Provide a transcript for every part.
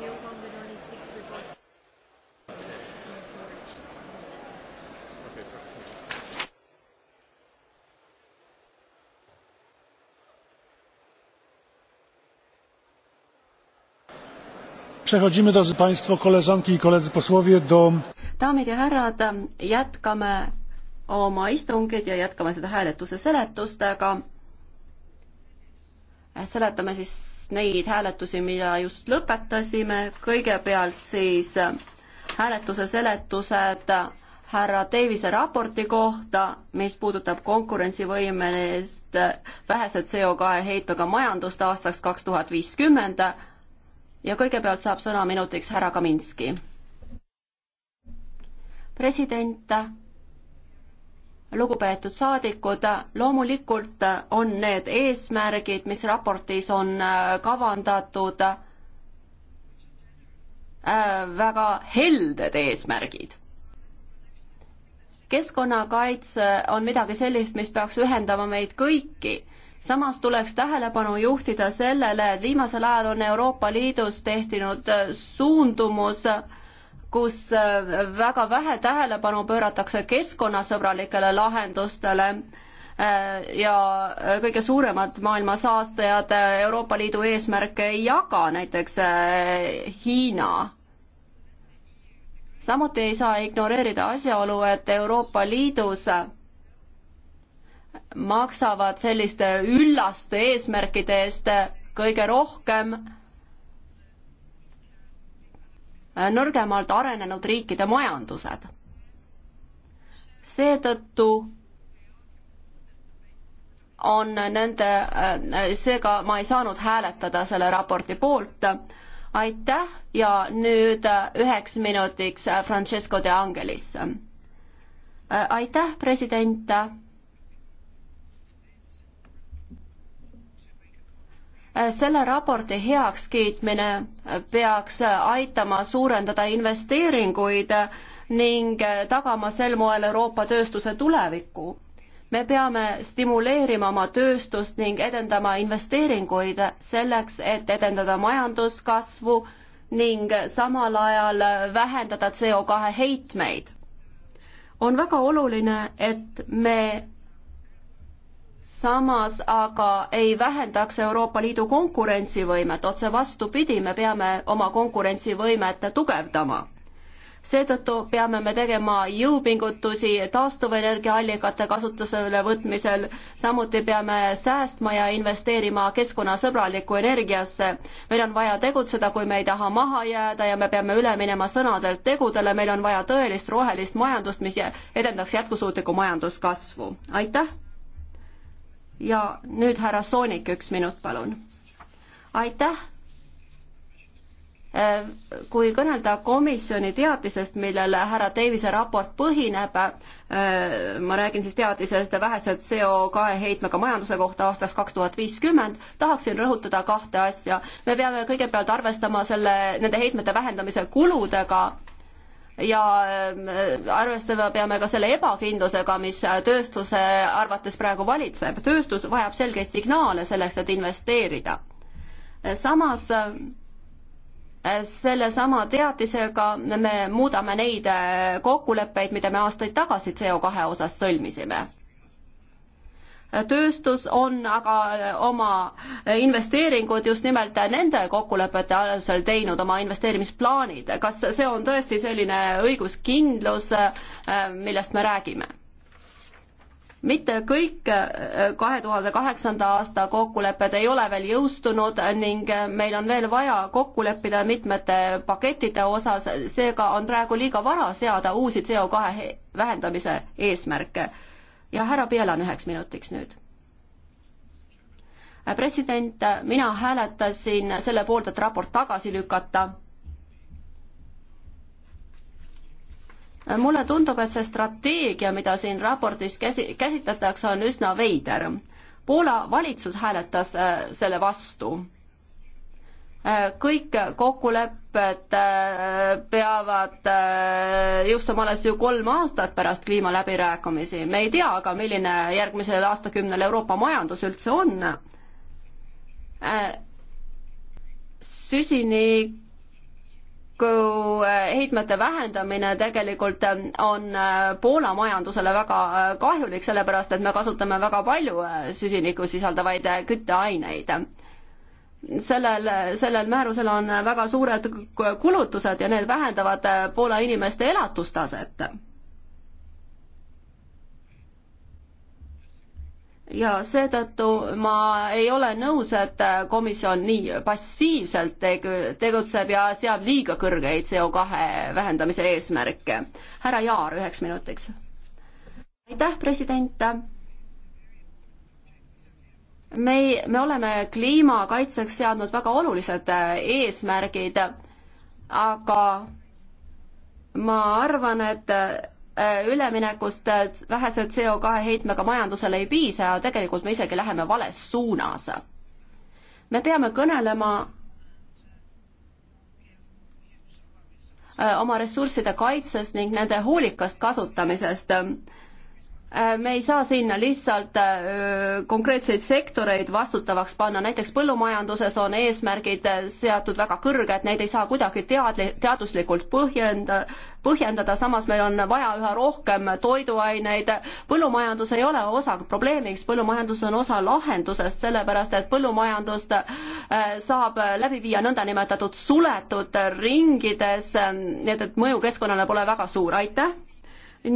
new one with only six reports. Okay, sorry. Przechodzimy, drodzy Państwo, koleżanki i koledzy posłowie, do... Daamid ja härrad, jätkame oma istungid ja jätkame seda hääletuse seletustega. Seletame siis pärast neid hääletusi, mida just lõpetasime, kõigepealt siis äh, hääletuse seletused äh, härra Davise raporti kohta, mis puudutab konkurentsivõimelist äh, vähese CO2 heitmega majandust aastaks kaks tuhat viiskümmend ja kõigepealt saab sõna minutiks härra Kaminski. president lugupeetud saadikud, loomulikult on need eesmärgid, mis raportis on äh, kavandatud, äh, väga helded eesmärgid. keskkonnakaitse on midagi sellist, mis peaks ühendama meid kõiki samas tuleks tähelepanu juhtida sellele, et viimasel ajal on Euroopa Liidus tehtinud äh, suundumus äh, kus äh, väga vähe tähelepanu pööratakse keskkonnasõbralikele lahendustele äh, ja äh, kõige suuremad maailma saastajad Euroopa Liidu eesmärke ei jaga, näiteks Hiina. samuti ei saa ignoreerida asjaolu, et Euroopa Liidus maksavad selliste üllaste eesmärkide eest kõige rohkem Äh, nõrgemalt arenenud riikide majandused. seetõttu on nende, äh, seega ma ei saanud hääletada selle raporti poolt. aitäh ja nüüd äh, üheks minutiks Francesco de Angelis. aitäh, president selle raporti heakskiitmine peaks aitama suurendada investeeringuid ning tagama sel moel Euroopa tööstuse tulevikku. me peame stimuleerima oma tööstust ning edendama investeeringuid selleks, et edendada majanduskasvu ning samal ajal vähendada CO2 heitmeid. on väga oluline, et me samas aga ei vähendaks Euroopa Liidu konkurentsivõimet, otse vastupidi, me peame oma konkurentsivõimet tugevdama. seetõttu peame me tegema jõupingutusi taastuvenergiaallikate kasutusele võtmisel, samuti peame säästma ja investeerima keskkonnasõbralikku energiasse. meil on vaja tegutseda, kui me ei taha maha jääda ja me peame üle minema sõnadelt tegudele, meil on vaja tõelist rohelist majandust, mis edendaks jätkusuutlikku majanduskasvu. aitäh! ja nüüd härra Soonik, üks minut, palun. aitäh. Äh, kui kõnelda komisjoni teatisest, millele härra Davise raport põhineb, äh, ma räägin siis teatisest vähese CO2 heitmega majanduse kohta aastaks kaks tuhat viiskümmend, tahaksin rõhutada kahte asja. me peame kõigepealt arvestama selle, nende heitmete vähendamise kuludega ja ähm, äh, arvestama peame ka selle ebakindlusega, mis äh, tööstuse arvates praegu valitseb. tööstus vajab selgeid signaale selleks, et investeerida. Äh, samas sellesama teatisega me muudame neid kokkuleppeid, mida me aastaid tagasi CO2 osas sõlmisime tööstus on aga äh, oma investeeringud just nimelt nende kokkulepete alusel teinud, oma investeerimisplaanid. kas see on tõesti selline õiguskindlus, äh, millest me räägime? mitte kõik äh, kahe tuhande kaheksanda aasta kokkulepped ei ole veel jõustunud ning meil on veel vaja kokku leppida mitmete pakettide osas, seega on praegu liiga vara seada uusi CO2 vähendamise eesmärke ja härra Pielan üheks minutiks nüüd. Äh, president, äh, mina hääletasin selle poolt, et raport tagasi lükata. Äh, mulle tundub, et see strateegia, mida siin raportis käsi, käsitletakse, on üsna veider. Poola valitsus hääletas selle vastu kõik kokkulepped äh, peavad äh, jõustuma alles ju kolm aastat pärast kliimaläbirääkimisi. me ei tea aga, milline järgmisel aastakümnel Euroopa majandus üldse on. Äh, süsiniku heitmete vähendamine tegelikult on Poola majandusele väga kahjulik, sellepärast et me kasutame väga palju süsinikku sisaldavaid kütteaineid sellel, sellel määrusel on väga suured kulutused ja need vähendavad äh, Poola inimeste elatustaset. ja seetõttu ma ei ole nõus, et äh, komisjon nii passiivselt teg-, tegutseb ja seab liiga kõrgeid CO2 vähendamise eesmärke. härra Jaar, üheks minutiks. aitäh, president me ei, me oleme kliimakaitseks seadnud väga olulised äh, eesmärgid, aga ma arvan, et äh, üleminekust äh, vähese CO2 heitmega majandusele ei piisa ja tegelikult me isegi läheme vales suunas. me peame kõnelema oma ressursside kaitsest ning nende hoolikast kasutamisest Äh, me ei saa sinna lihtsalt äh, konkreetseid sektoreid vastutavaks panna, näiteks põllumajanduses on eesmärgid äh, seatud väga kõrged, neid ei saa kuidagi teadli-, teaduslikult põhjenda, põhjendada, samas meil on vaja üha rohkem toiduaineid, põllumajandus ei ole osa probleemiks, põllumajandus on osa lahendusest, sellepärast et põllumajandust saab läbi viia nõndanimetatud suletud ringides, nii et, et mõju keskkonnale pole väga suur, aitäh!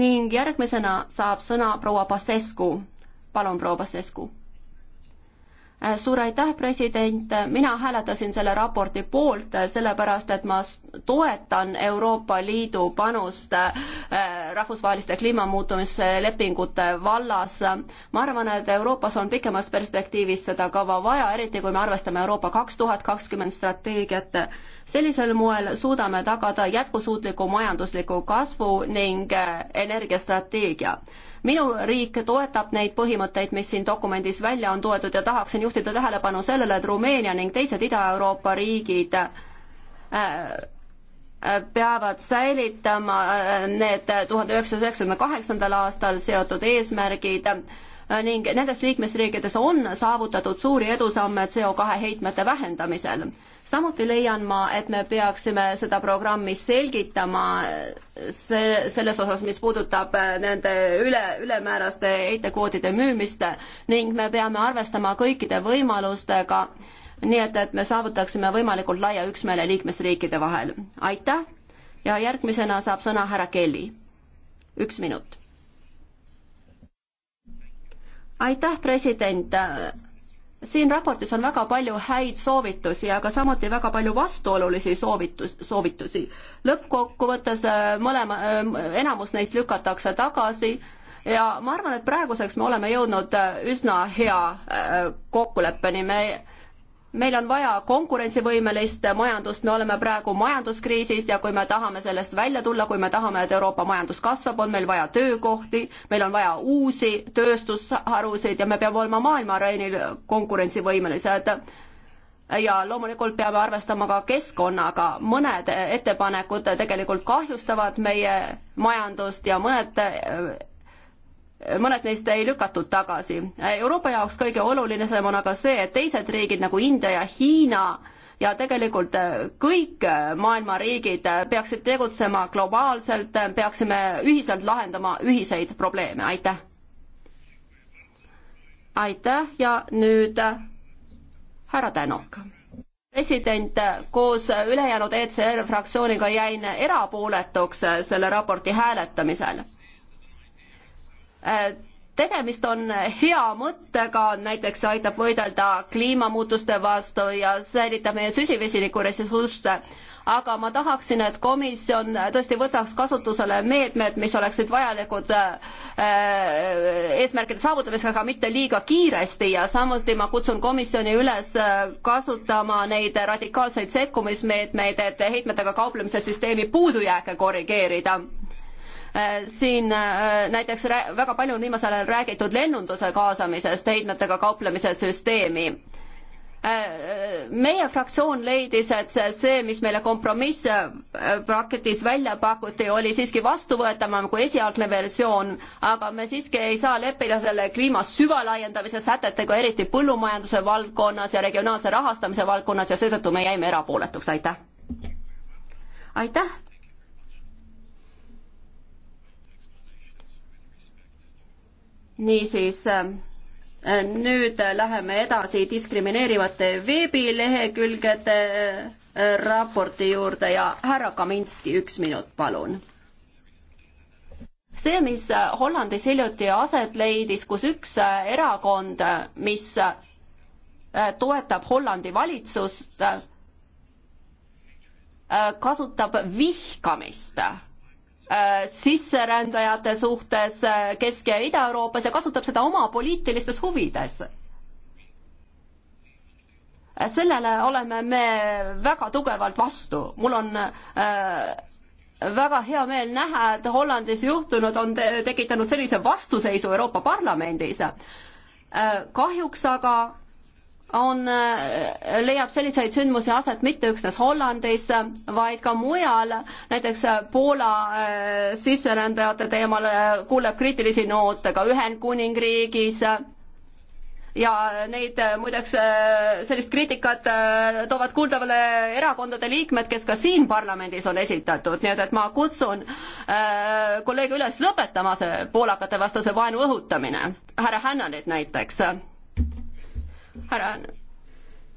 ning järgmisena saab sõna proua Pasescu. palun, proua Pasescu Äh, suur aitäh, president, mina hääletasin selle raporti poolt, äh, sellepärast et ma toetan Euroopa Liidu panust äh, rahvusvaheliste kliimamuutumise lepingute vallas. ma arvan, et Euroopas on pikemas perspektiivis seda kava vaja, eriti kui me arvestame Euroopa kaks tuhat kakskümmend strateegiat. sellisel moel suudame tagada jätkusuutliku majandusliku kasvu ning energiastrateegia minu riik toetab neid põhimõtteid, mis siin dokumendis välja on toodud ja tahaksin juhtida tähelepanu sellele, et Rumeenia ning teised Ida-Euroopa riigid äh, äh, peavad säilitama äh, need tuhande üheksasaja üheksakümne kaheksandal aastal seotud eesmärgid ning nendes liikmesriikides on saavutatud suuri edusamme CO2 heitmete vähendamisel samuti leian ma, et me peaksime seda programmi selgitama eh, see, selles osas, mis puudutab eh, nende üle, ülemääraste heitekvoodide müümist ning me peame arvestama kõikide võimalustega, nii et, et me saavutaksime võimalikult laia üksmeele liikmesriikide vahel. aitäh ja järgmisena saab sõna härra Kelly. üks minut. aitäh, president siin raportis on väga palju häid soovitusi, aga samuti väga palju vastuolulisi soovitus, soovitusi. lõppkokkuvõttes äh, mõlema, äh, enamus neist lükatakse tagasi ja ma arvan, et praeguseks me oleme jõudnud äh, üsna hea kokkuleppeni, me meil on vaja konkurentsivõimelist majandust, me oleme praegu majanduskriisis ja kui me tahame sellest välja tulla, kui me tahame, et Euroopa majandus kasvab, on meil vaja töökohti, meil on vaja uusi tööstusharusid ja me peame olema maailmareinil konkurentsivõimelised. ja loomulikult peame arvestama ka keskkonnaga, mõned ettepanekud tegelikult kahjustavad meie majandust ja mõned mõned neist ei lükatud tagasi. Euroopa jaoks kõige olulisem on aga see, et teised riigid nagu India ja Hiina ja tegelikult kõik maailma riigid peaksid tegutsema globaalselt, peaksime ühiselt lahendama ühiseid probleeme, aitäh! aitäh ja nüüd härra Tänok president koos ülejäänud ECR fraktsiooniga jäin erapooletuks selle raporti hääletamisel Äh, tegemist on hea mõttega, näiteks see aitab võidelda kliimamuutuste vastu ja säilitab meie süsivesiniku ressursse. aga ma tahaksin, et komisjon tõesti võtaks kasutusele meetmed, mis oleksid vajalikud äh, äh, eesmärkide saavutamiseks, aga mitte liiga kiiresti ja samuti ma kutsun komisjoni üles kasutama neid radikaalseid sekkumismeetmeid, et heitmetega kauplemise süsteemi puudujääke korrigeerida Äh, siin äh, näiteks väga palju on viimasel ajal räägitud lennunduse kaasamisest heitmetega kauplemise süsteemi äh, meie fraktsioon leidis, et see, mis meile kompromisspaketis välja pakuti, oli siiski vastuvõetavam kui esialgne versioon, aga me siiski ei saa leppida selle kliima süvalaiendamise sätetega, eriti põllumajanduse valdkonnas ja regionaalse rahastamise valdkonnas ja seetõttu me jäime erapooletuks, aitäh. aitäh niisiis äh, nüüd läheme edasi diskrimineerivate veebilehekülgede äh, raporti juurde ja härra Kaminski, üks minut, palun. see, mis äh, Hollandis hiljuti aset leidis, kus üks erakond, mis toetab Hollandi valitsust, kasutab vihkamist Äh, sisserändajate suhtes äh, Kesk- ja Ida-Euroopas ja kasutab seda oma poliitilistes huvides. Äh, sellele oleme me väga tugevalt vastu, mul on äh, väga hea meel näha, et Hollandis juhtunud on te tekitanud sellise vastuseisu Euroopa Parlamendis. kahjuks aga on, äh, leiab selliseid sündmusi aset mitte üksnes Hollandis, vaid ka mujal, näiteks äh, Poola äh, sisserändajate teemal kuuleb kriitilisi noote ka Ühendkuningriigis ja neid muideks, sellist kriitikat toovad kuuldavale erakondade liikmed, kes ka siin parlamendis on esitatud, nii et, et ma kutsun kolleege üles lõpetama see poolakate vastase vaenu õhutamine, härra Hännanit näiteks härra.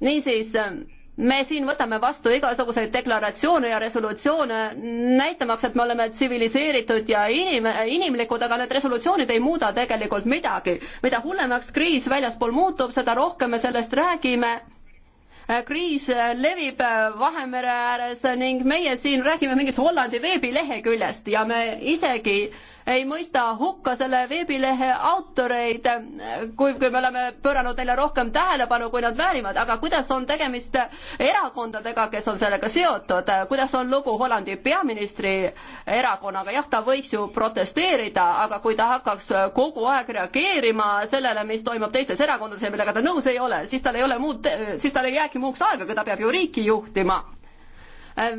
niisiis, ähm, me siin võtame vastu igasuguseid deklaratsioone ja resolutsioone, näitamaks, et me oleme tsiviliseeritud ja inim-, inimlikud, aga need resolutsioonid ei muuda tegelikult midagi. mida hullemaks kriis väljaspool muutub, seda rohkem me sellest räägime äh, kriis äh, levib äh, Vahemere ääres ning meie siin räägime mingist Hollandi veebileheküljest ja me isegi äh, ei mõista hukka selle veebilehe autoreid, kui, kui me oleme pööranud neile rohkem tähelepanu, kui nad väärivad, aga kuidas on tegemist erakondadega, kes on sellega seotud, kuidas on lugu Hollandi peaministri erakonnaga, jah, ta võiks ju protesteerida, aga kui ta hakkaks kogu aeg reageerima sellele, mis toimub teistes erakondades ja millega ta nõus ei ole, siis tal ei ole muud, siis tal ei jäägi muuks aega, aga ta peab ju riiki juhtima Äh,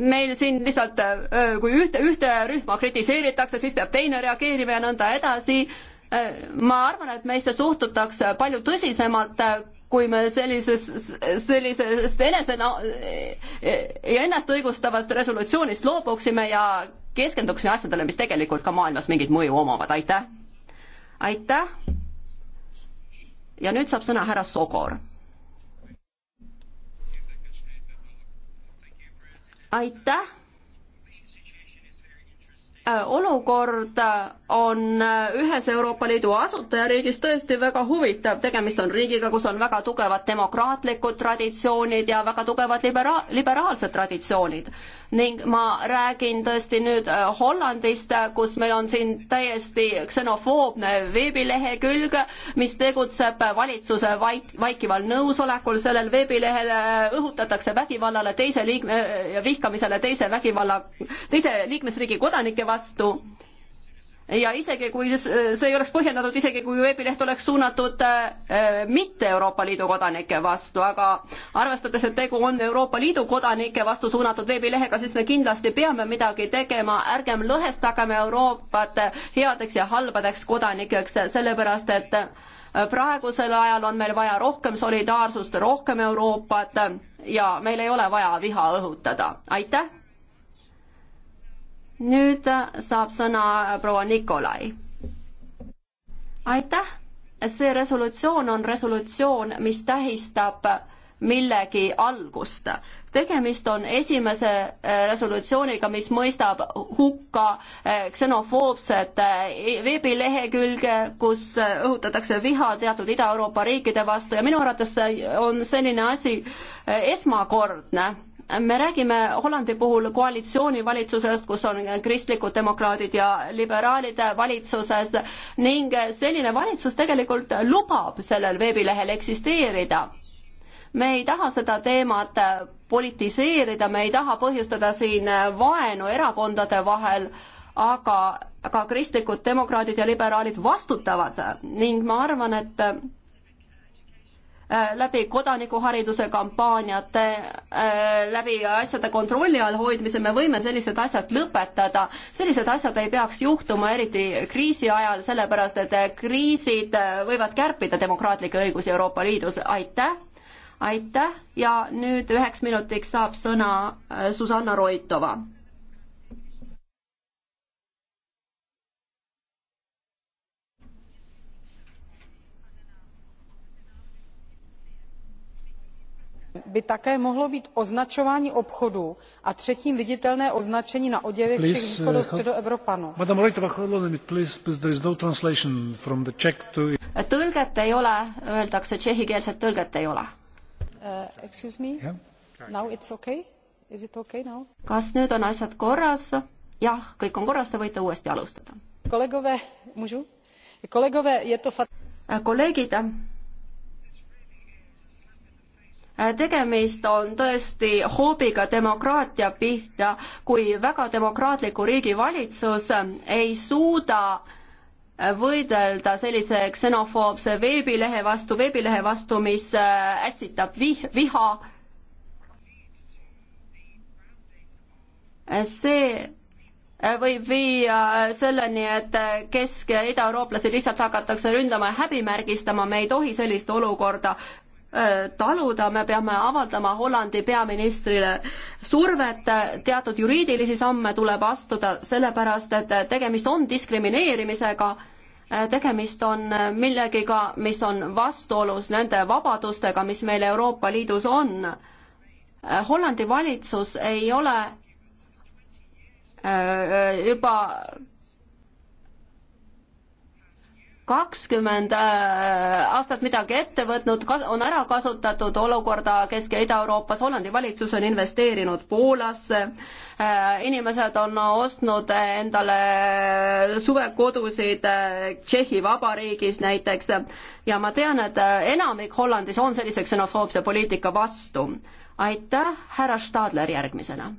meil siin lihtsalt, äh, kui ühte, ühte rühma kritiseeritakse, siis peab teine reageerima ja nõnda edasi. Äh, ma arvan, et meisse suhtutakse palju tõsisemalt, kui me sellises, sellisest enese ja ennast õigustavast resolutsioonist loobuksime ja keskenduksime asjadele, mis tegelikult ka maailmas mingit mõju omavad, aitäh! aitäh! ja nüüd saab sõna härra Sogor aitäh Äh, olukord äh, on äh, ühes Euroopa Liidu asutajariigis tõesti väga huvitav, tegemist on riigiga, kus on väga tugevad demokraatlikud traditsioonid ja väga tugevad libera-, liberaalsed traditsioonid. ning ma räägin tõesti nüüd Hollandist, kus meil on siin täiesti ksenofoobne veebilehekülg, mis tegutseb valitsuse vaik-, vaikival nõusolekul, sellel veebilehel õhutatakse vägivallale teise liikme, vihkamisele teise vägivalla, teise liikmesriigi kodanike vastu, vastu ja isegi kui see ei oleks põhjendatud, isegi kui veebileht oleks suunatud äh, mitte Euroopa Liidu kodanike vastu, aga arvestades, et tegu on Euroopa Liidu kodanike vastu suunatud veebilehega, siis me kindlasti peame midagi tegema, ärgem lõhestagem Euroopat headeks ja halbadeks kodanikeks, sellepärast et praegusel ajal on meil vaja rohkem solidaarsust, rohkem Euroopat ja meil ei ole vaja viha õhutada. aitäh! nüüd äh, saab sõna äh, proua Nikolai. aitäh, see resolutsioon on resolutsioon, mis tähistab äh, millegi algust. tegemist on esimese resolutsiooniga, mis mõistab hukka ksenofoobset veebilehekülge, kus õhutatakse viha teatud Ida-Euroopa riikide vastu ja minu arvates on selline asi esmakordne me räägime Hollandi puhul koalitsioonivalitsusest, kus on kristlikud demokraadid ja liberaalid valitsuses ning selline valitsus tegelikult lubab sellel veebilehel eksisteerida. me ei taha seda teemat politiseerida, me ei taha põhjustada siin vaenu erakondade vahel, aga, aga kristlikud demokraadid ja liberaalid vastutavad ning ma arvan, et Äh, läbi kodanikuhariduse kampaaniate, äh, läbi asjade kontrolli all hoidmise me võime sellised asjad lõpetada. sellised asjad ei peaks juhtuma eriti kriisi ajal, sellepärast et äh, kriisid võivad kärpida demokraatlikke õigusi Euroopa Liidus. aitäh, aitäh ja nüüd üheks minutiks saab sõna Susanna Roitova by také mohlo být označování obchodů a třetím viditelné označení na oděvech všech východo a středoevropanů. tõlget ei ole öeldakse tšehhikeelset tõlget ei ole. Uh, kas nüüd on asjad korras? jah kõik on korras te võite uuesti alustada. kolleegid Äh, tegemist on tõesti hoobiga demokraatia pihta, kui väga demokraatliku riigi valitsus äh, ei suuda äh, võidelda sellise ksenofoobse veebilehe vastu, veebilehe vastu, mis ässitab vih-, viha. see võib viia selleni, et Kesk- ja Ida-eurooplased lihtsalt hakatakse ründama ja häbimärgistama, me ei tohi sellist olukorda Äh, taluda, me peame avaldama Hollandi peaministrile survet, teatud juriidilisi samme tuleb astuda, sellepärast et tegemist on diskrimineerimisega, äh, tegemist on äh, millegiga, mis on vastuolus nende vabadustega, mis meil Euroopa Liidus on. Hollandi valitsus ei ole juba kakskümmend äh, aastat midagi ette võtnud, on ära kasutatud olukorda Kesk- ja Ida-Euroopas, Hollandi valitsus on investeerinud Poolasse, äh, inimesed on ostnud endale suvekodusid äh, Tšehhi Vabariigis näiteks ja ma tean, et enamik Hollandis on sellise ksenofoobse poliitika vastu. aitäh, härra Stadler järgmisena.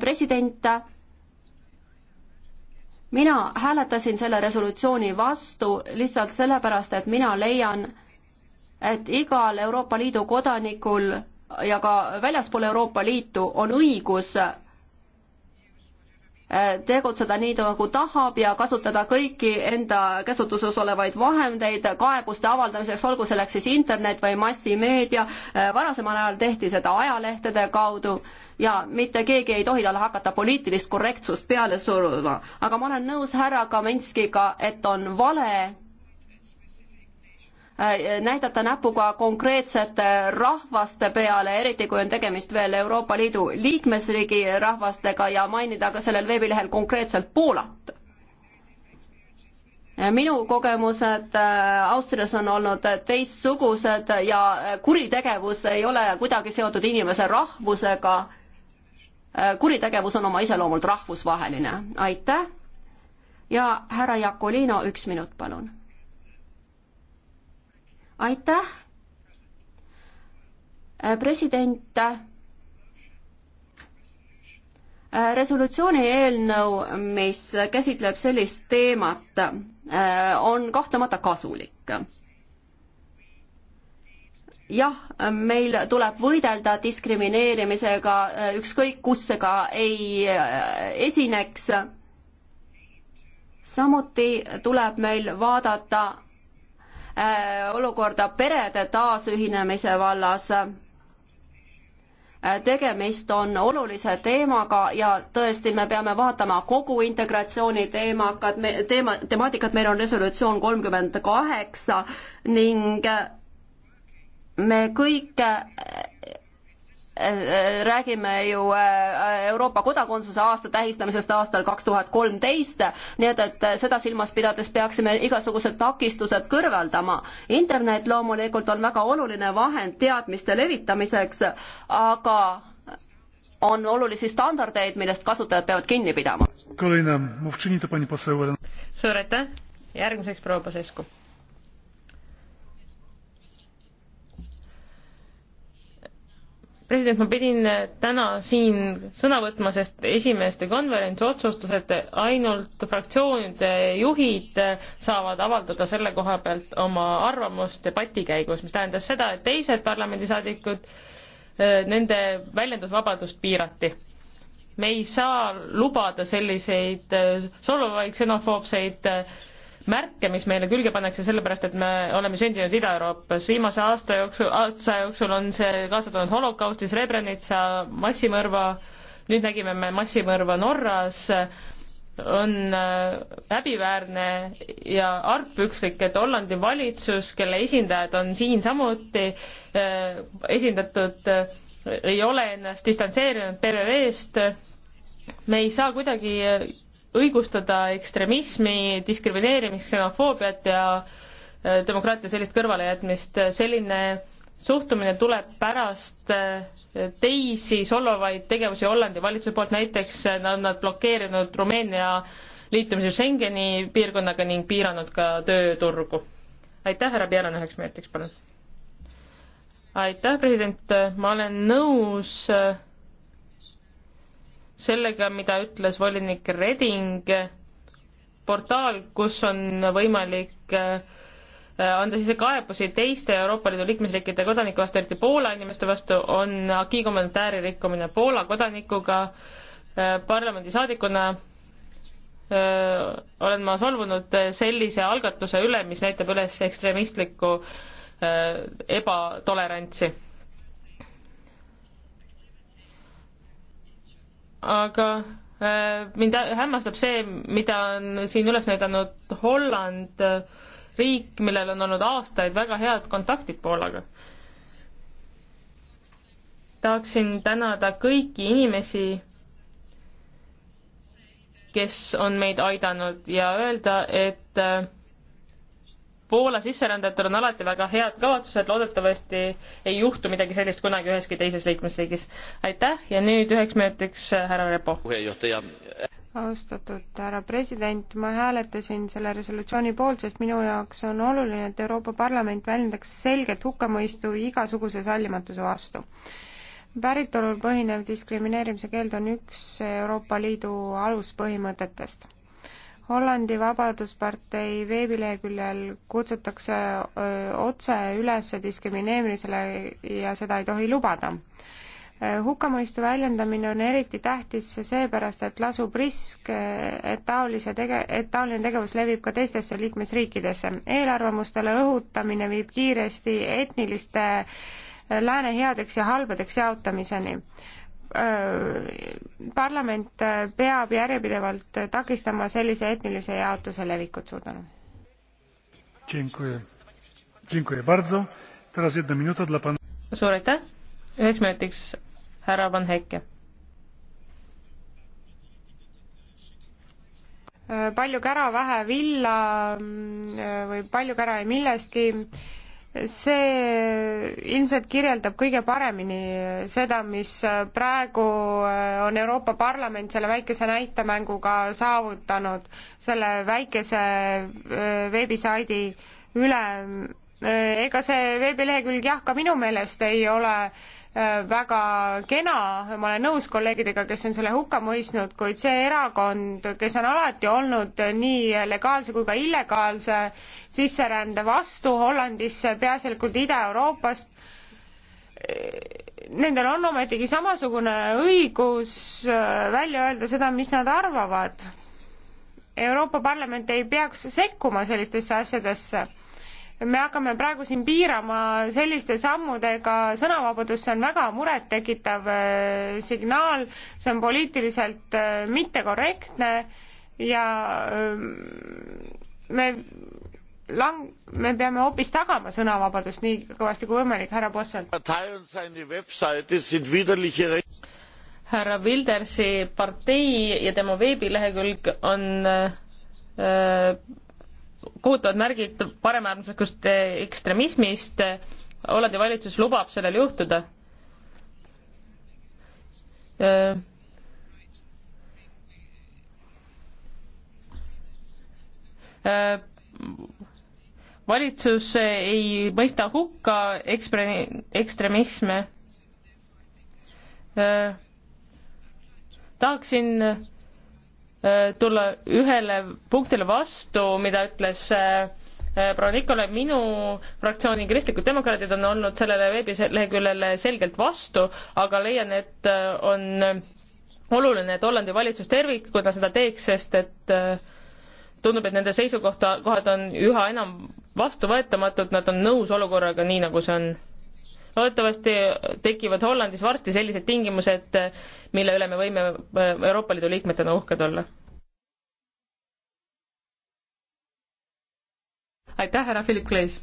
president mina hääletasin selle resolutsiooni vastu lihtsalt sellepärast, et mina leian, et igal Euroopa Liidu kodanikul ja ka väljaspool Euroopa Liitu on õigus Äh, tegutseda nii nagu tahab ja kasutada kõiki enda käsutuses olevaid vahendeid kaebuste avaldamiseks, olgu selleks siis internet või massimeedia. Äh, varasemal ajal tehti seda ajalehtede kaudu ja mitte keegi ei tohi talle hakata poliitilist korrektsust peale suruma. aga ma olen nõus härra Kaminskiga, et on vale Äh, näidata näpuga konkreetsete rahvaste peale, eriti kui on tegemist veel Euroopa Liidu liikmesriigi rahvastega ja mainida ka sellel veebilehel konkreetselt Poolat. minu kogemused äh, Austrias on olnud teistsugused ja äh, kuritegevus ei ole kuidagi seotud inimese rahvusega. kuritegevus on oma iseloomult rahvusvaheline. aitäh ja härra Jakolino, üks minut, palun aitäh, äh, president. Äh, resolutsiooni eelnõu, mis käsitleb sellist teemat, äh, on kahtlemata kasulik jah, meil tuleb võidelda diskrimineerimisega, ükskõik kus see ka ei esineks. samuti tuleb meil vaadata Äh, olukorda perede taasühinemise vallas. Äh, tegemist on olulise teemaga ja tõesti, me peame vaatama kogu integratsiooni teemakat, teema, temaatikat, meil on resolutsioon kolmkümmend kaheksa ning äh, me kõik räägime ju äh, Euroopa kodakondsuse aasta tähistamisest aastal kaks tuhat kolmteist, nii et, et seda silmas pidades peaksime igasugused takistused kõrvaldama. internet loomulikult on väga oluline vahend teadmiste levitamiseks, aga on olulisi standardeid, millest kasutajad peavad kinni pidama. suur aitäh, järgmiseks proua Pasescu president, ma pidin äh, täna siin sõna võtma, sest esimeeste konverents otsustas, et ainult fraktsioonide juhid äh, saavad avaldada selle koha pealt oma arvamust debati käigus, mis tähendas seda, et teised parlamendisaadikud, äh, nende väljendusvabadust piirati me ei saa lubada selliseid solvavaid ksenofoobseid märke, mis meile külge pannakse, sellepärast et me oleme sündinud Ida-Euroopas. viimase aasta jooksul, aasta jooksul on see kaasa toonud holokausti, Srebrenica massimõrva, nüüd nägime me massimõrva Norras, on äh, häbiväärne ja argpükslik, et Hollandi valitsus, kelle esindajad on siin samuti äh, esindatud, äh, ei ole ennast distantseerinud PVV-st, me ei saa kuidagi õigustada ekstremismi, diskrimineerimist, ksenofoobiat ja äh, demokraatia sellist kõrvalejätmist, selline suhtumine tuleb pärast äh, teisi solvavaid tegevusi Hollandi valitsuse poolt, näiteks äh, on nad blokeerinud Rumeenia liitumise Schengeni piirkonnaga ning piiranud ka tööturgu. aitäh, härra Piaran, üheks minutiks, palun. aitäh, president, ma olen nõus äh, sellega, mida ütles volinik Reding, portaal, kus on võimalik äh, anda sisse kaebusi teiste Euroopa Liidu liikmesriikide kodanike vastu, eriti Poola inimeste vastu, on Aki kommentääri rikkumine Poola kodanikuga äh, parlamendisaadikuna äh, olen ma solvunud sellise algatuse üle, mis näitab üles ekstremistlikku ebatolerantsi aga äh, mind hämmastab see, mida on siin üles näidanud Holland, äh, riik, millel on olnud aastaid väga head kontaktid Poolaga. tahaksin tänada kõiki inimesi, kes on meid aidanud ja öelda, et äh, Poola sisserändajatel on alati väga head kavatsused, loodetavasti ei juhtu midagi sellist kunagi üheski teises liikmesriigis. aitäh ja nüüd üheks minutiks äh, härra Repo. austatud härra president, ma hääletasin selle resolutsiooni poolt, sest minu jaoks on oluline, et Euroopa Parlament väljendaks selget hukkamõistu igasuguse sallimatuse vastu päritolul põhinev diskrimineerimise keeld on üks Euroopa Liidu aluspõhimõtetest Hollandi Vabaduspartei veebileheküljel kutsutakse otse üles diskrimineerimisele ja seda ei tohi lubada. hukkamõistu väljendamine on eriti tähtis seepärast, et lasub risk, et taolise tege-, et taoline tegevus levib ka teistesse liikmesriikidesse. eelarvamustele õhutamine viib kiiresti etniliste lääne headeks ja halbadeks jaotamiseni Äh, parlament äh, peab järjepidevalt takistama sellise etnilise jaotuse levikut, suur tänu. suur aitäh, üheks minutiks härra Van Hekke. Äh, palju kära, vähe villa või palju kära ja millestki see ilmselt kirjeldab kõige paremini seda, mis praegu äh, on Euroopa Parlament selle väikese näitemänguga saavutanud, selle väikese äh, veebisaidi üle. Äh, ega see veebilehekülg jah, ka minu meelest ei ole Äh, väga kena, ma olen nõus kolleegidega, kes on selle hukka mõistnud, kuid see erakond, kes on alati olnud nii legaalse kui ka illegaalse sisserände vastu Hollandisse, peaasjalikult Ida-Euroopast, äh, nendel on ometigi samasugune õigus äh, välja öelda seda, mis nad arvavad. Euroopa Parlament ei peaks sekkuma sellistesse asjadesse me hakkame praegu siin piirama selliste sammudega sõnavabadust, see on väga murettekitav äh, signaal, see on poliitiliselt äh, mittekorrektne ja ähm, me lang-, me peame hoopis tagama sõnavabadust nii kõvasti kui võimalik, härra Posselt härra Wildersi partei ja tema veebilehekülg on äh, kohutavad märgid paremäärmuslikust eh, ekstremismist. Hollandi valitsus lubab sellel juhtuda. Eh, eh, valitsus ei mõista hukka ekspre-, ekstremisme. tahaksin Äh, tulla ühele punktile vastu, mida ütles äh, äh, proua Nikole, minu fraktsiooni kristlikud demokraadid on olnud sellele veebileheküljele selgelt vastu, aga leian, et on oluline, et Hollandi valitsus tervikuna seda teeks, sest et tundub, et nende seisukohta, kohad on üha enam vastuvõetamatud, nad on nõus olukorraga nii, nagu see on loodetavasti tekivad Hollandis varsti sellised tingimused, mille üle me võime äh, Euroopa Liidu liikmetena uhked olla. aitäh, härra Philip Kleis!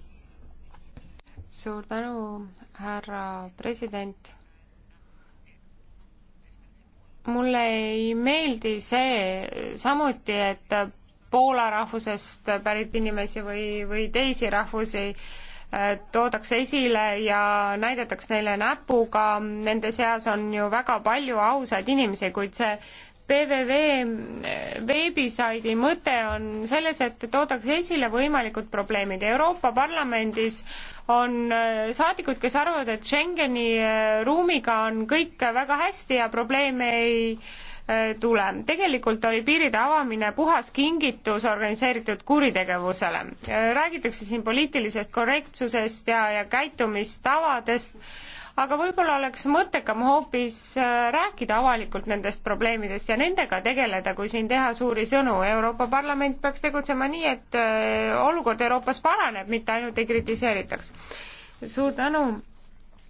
suur tänu, härra president! mulle ei meeldi see samuti, et Poola rahvusest pärit inimesi või, või teisi rahvusi äh, Äh, toodakse esile ja näidataks neile näpuga, nende seas on ju väga palju ausaid inimesi, kuid see PVV äh, veebisaidi mõte on selles, et toodakse esile võimalikud probleemid. Euroopa Parlamendis on äh, saadikud, kes arvavad, et Schengeni ruumiga on kõik väga hästi ja probleeme ei äh, Äh, tule. tegelikult oli piiride avamine puhas kingitus organiseeritud kuritegevusele. Äh, räägitakse siin poliitilisest korrektsusest ja, ja käitumistavadest, aga võib-olla oleks mõttekam hoopis äh, rääkida avalikult nendest probleemidest ja nendega tegeleda, kui siin teha suuri sõnu. Euroopa Parlament peaks tegutsema nii, et olukord Euroopas paraneb, mitte ainult ei kritiseeritaks. suur tänu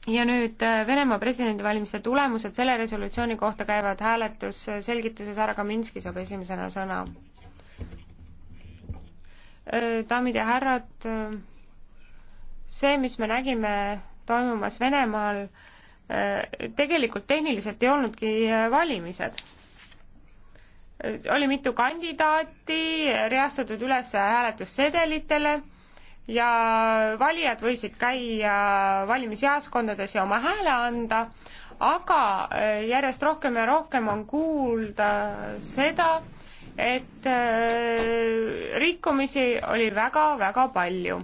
ja nüüd äh, Venemaa presidendivalimiste tulemused selle resolutsiooni kohta käivad hääletusselgituses, äh, härra Kaminski saab esimesena sõna. Äh, daamid ja härrad, see, mis me nägime toimumas Venemaal, tegelikult tehniliselt ei olnudki valimised. oli mitu kandidaati, reastatud üles hääletussedelitele ja valijad võisid käia valimisjaoskondades ja oma hääle anda, aga äh, järjest rohkem ja rohkem on kuulda seda, et äh, rikkumisi oli väga-väga palju.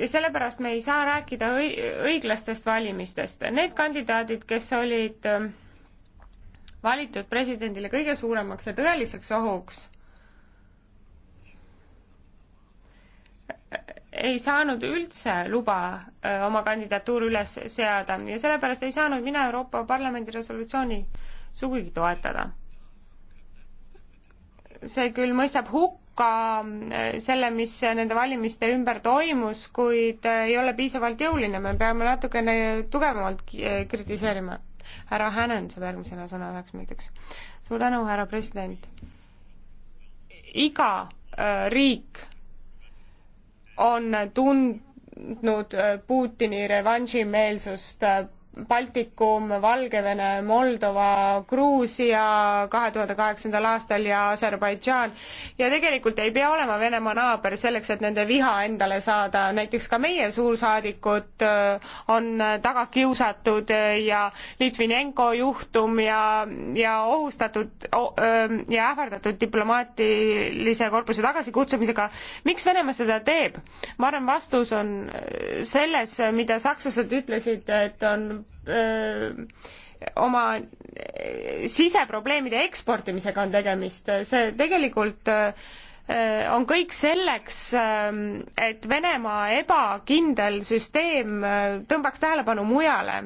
ja sellepärast me ei saa rääkida õiglastest valimistest. Need kandidaadid, kes olid äh, valitud presidendile kõige suuremaks ja tõeliseks ohuks ei saanud üldse luba oma kandidatuuri üles seada ja sellepärast ei saanud mina Euroopa Parlamendi resolutsiooni sugugi toetada. see küll mõistab hukka selle, mis nende valimiste ümber toimus, kuid ei ole piisavalt jõuline, me peame natukene tugevamalt kritiseerima. härra Hänen saab järgmisena sõna üheks minutiks. suur tänu, härra president. iga riik on tundnud Putini revanšimeelsust Baltikum, Valgevene, Moldova, Gruusia kahe tuhande kaheksandal aastal ja Aserbaidžaan. ja tegelikult ei pea olema Venemaa naaber selleks, et nende viha endale saada, näiteks ka meie suursaadikud äh, on taga kiusatud äh, ja Litvinenko juhtum ja, ja ohustatud äh, ja ähvardatud diplomaatilise korpuse tagasikutsumisega. miks Venemaa seda teeb? ma arvan, vastus on selles, mida sakslased ütlesid, et on Äh, oma siseprobleemide eksportimisega on tegemist, see tegelikult äh, on kõik selleks, äh, et Venemaa ebakindel süsteem tõmbaks tähelepanu mujale.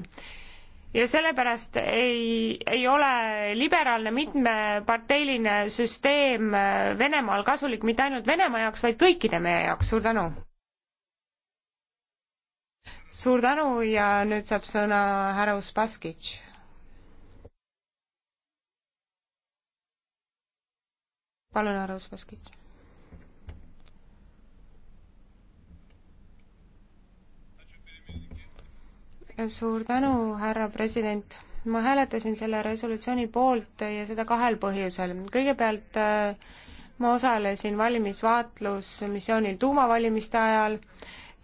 ja sellepärast ei, ei ole liberaalne mitmeparteiline süsteem Venemaal kasulik mitte ainult Venemaa jaoks, vaid kõikide meie jaoks, suur tänu! suur tänu ja nüüd saab sõna härra Uspaskitš. palun, härra Uspaskitš. suur tänu, härra president. ma hääletasin selle resolutsiooni poolt ja seda kahel põhjusel. kõigepealt äh, ma osalesin valimisvaatlusmissioonil tuumavalimiste ajal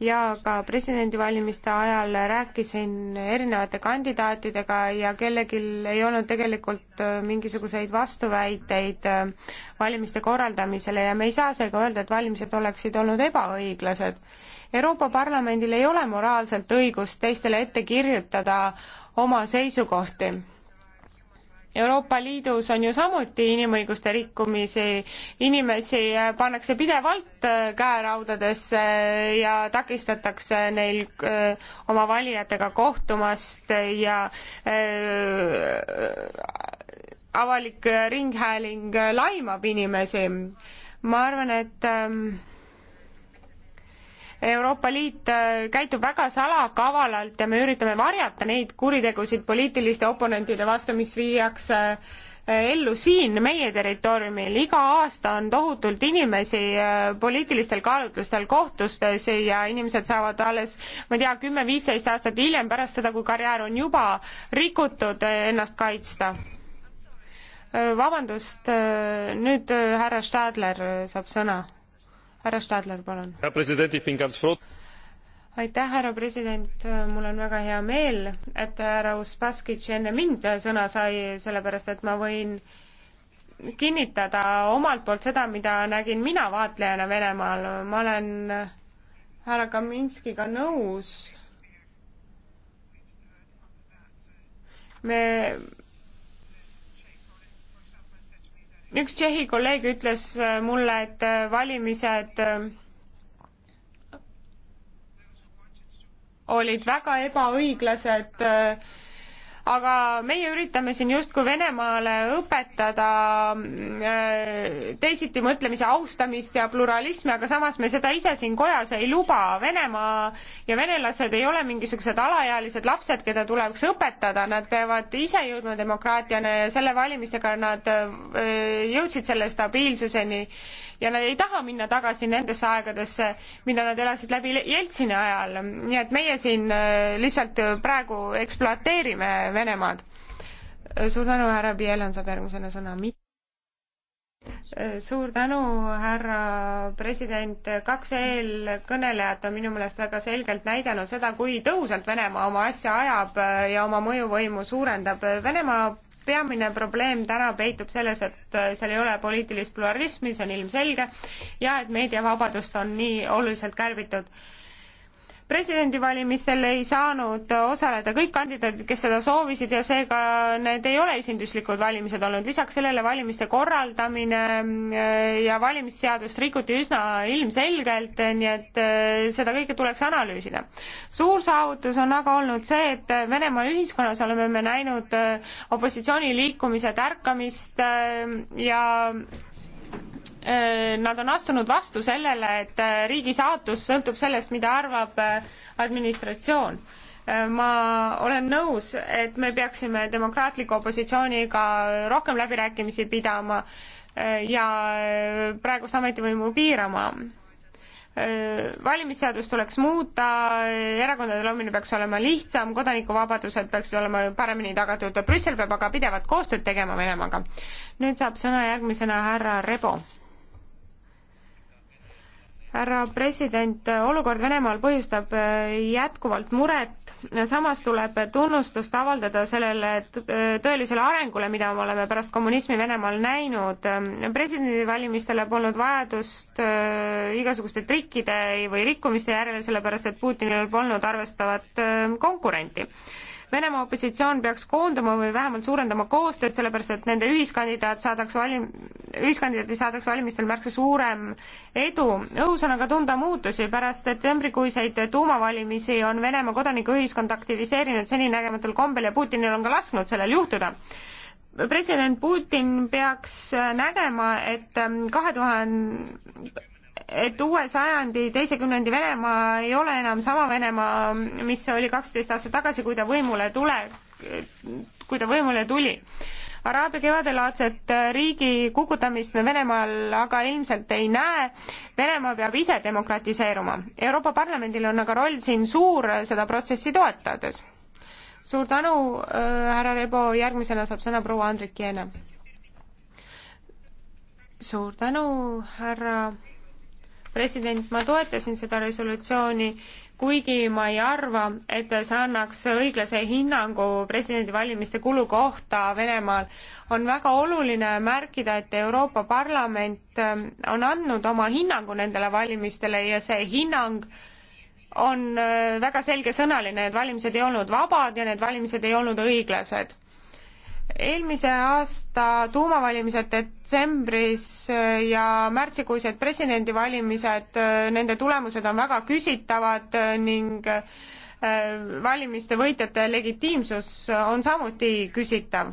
ja ka presidendivalimiste ajal rääkisin erinevate kandidaatidega ja kellelgi ei olnud tegelikult äh, mingisuguseid vastuväiteid äh, valimiste korraldamisele ja me ei saa seega öelda, et valimised oleksid olnud ebaõiglased. Euroopa Parlamendil ei ole moraalselt õigust teistele ette kirjutada oma seisukohti Euroopa Liidus on ju samuti inimõiguste rikkumisi, inimesi äh, pannakse pidevalt äh, käeraudadesse ja takistatakse neil äh, oma valijatega kohtumast ja avalik ringhääling laimab inimesi. ma arvan, et ähm, Euroopa Liit äh, käitub väga salakavalalt ja me üritame varjata neid kuritegusid poliitiliste oponentide vastu, mis viiakse äh, ellu siin meie territooriumil, iga aasta on tohutult inimesi äh, poliitilistel kaalutlustel kohtustes ja inimesed saavad alles, ma ei tea, kümme-viisteist aastat hiljem, pärast seda, kui karjäär on juba rikutud, ennast kaitsta. vabandust, nüüd härra Stadler saab sõna härra Stadler, palun. aitäh, härra president, mul on väga hea meel, et härra Uspaskitš enne mind sõna sai, sellepärast et ma võin kinnitada omalt poolt seda, mida nägin mina vaatlejana Venemaal, ma olen härra Kaminskiga nõus. me üks Tšehhi kolleeg ütles äh, mulle, et äh, valimised äh, olid väga ebaõiglased aga meie üritame siin justkui Venemaale õpetada äh, teisiti mõtlemise austamist ja pluralismi, aga samas me seda ise siin kojas ei luba. Venemaa ja venelased ei ole mingisugused alaealised lapsed, keda tuleks õpetada, nad peavad ise jõudma demokraatiana ja selle valimistega nad äh, jõudsid selle stabiilsuseni ja nad ei taha minna tagasi nendesse aegadesse, mida nad elasid läbi Jeltsini ajal. nii et meie siin äh, lihtsalt praegu ekspluateerime Venemaad. suur tänu, härra Bielan saab järgmisena sõna. suur tänu, härra president, kaks eelkõnelejat on minu meelest väga selgelt näidanud seda, kui tõhusalt Venemaa oma asja ajab ja oma mõjuvõimu suurendab. Venemaa peamine probleem täna peitub selles, et seal ei ole poliitilist pluralismi, see on ilmselge, ja et meediavabadust on nii oluliselt kärbitud presidendivalimistel ei saanud osaleda kõik kandidaadid, kes seda soovisid ja seega need ei ole esinduslikud valimised olnud. lisaks sellele valimiste korraldamine äh, ja valimisseadust rikuti üsna ilmselgelt, nii et äh, seda kõike tuleks analüüsida. suur saavutus on aga olnud see, et Venemaa ühiskonnas oleme me näinud äh, opositsiooniliikumised ärkamist ja Äh, nad on astunud vastu sellele, et äh, riigi saatus sõltub sellest, mida arvab äh, administratsioon. ma olen nõus, et me peaksime demokraatliku opositsiooniga rohkem läbirääkimisi pidama ja praegust ametivõimu piirama valimisseadust tuleks muuta, erakondade loomine peaks olema lihtsam, kodanikuvabadused peaksid olema paremini tagatud, Brüssel peab aga pidevat koostööd tegema Venemaaga. nüüd saab sõna järgmisena härra Rebo härra president, olukord Venemaal põhjustab äh, jätkuvalt muret, samas tuleb tunnustust avaldada sellele äh, tõelisele arengule, mida me oleme pärast kommunismi Venemaal näinud. presidendivalimistele polnud vajadust äh, igasuguste trikkide või rikkumiste järele, sellepärast et Putinil polnud arvestavat konkurenti Venemaa opositsioon peaks koonduma või vähemalt suurendama koostööd, sellepärast et nende ühiskandidaat saadaks valim-, ühiskandidaadi saadaks valimistel märksa suurem edu. õhus on aga tunda muutusi, pärast detsembrikuiseid tuumavalimisi on Venemaa kodanikuühiskond aktiviseerinud seninägematul kombel ja Putinil on ka lasknud sellel juhtuda president Putin peaks nägema, et kahe tuhande, et uue sajandi teise kümnendi Venemaa ei ole enam sama Venemaa, mis oli kaksteist aastat tagasi, kui ta võimule tule, kui ta võimule tuli. Araabia kevadelaadset riigi kukutamist me Venemaal aga ilmselt ei näe. Venemaa peab ise demokratiseeruma. Euroopa Parlamendil on aga roll siin suur seda protsessi toetades. suur tänu, äh, härra Rebo, järgmisena saab sõna proua Andrik Jeene. suur tänu, härra president, ma toetasin seda resolutsiooni, kuigi ma ei arva, et see annaks õiglase hinnangu presidendivalimiste kulu kohta Venemaal, on väga oluline märkida, et Euroopa Parlament ähm, on andnud oma hinnangu nendele valimistele ja see hinnang on äh, väga selgesõnaline, need valimised ei olnud vabad ja need valimised ei olnud õiglased eelmise aasta tuumavalimised detsembris ja märtsikuised presidendivalimised, nende tulemused on väga küsitavad ning äh, valimiste võitjate legitiimsus on samuti küsitav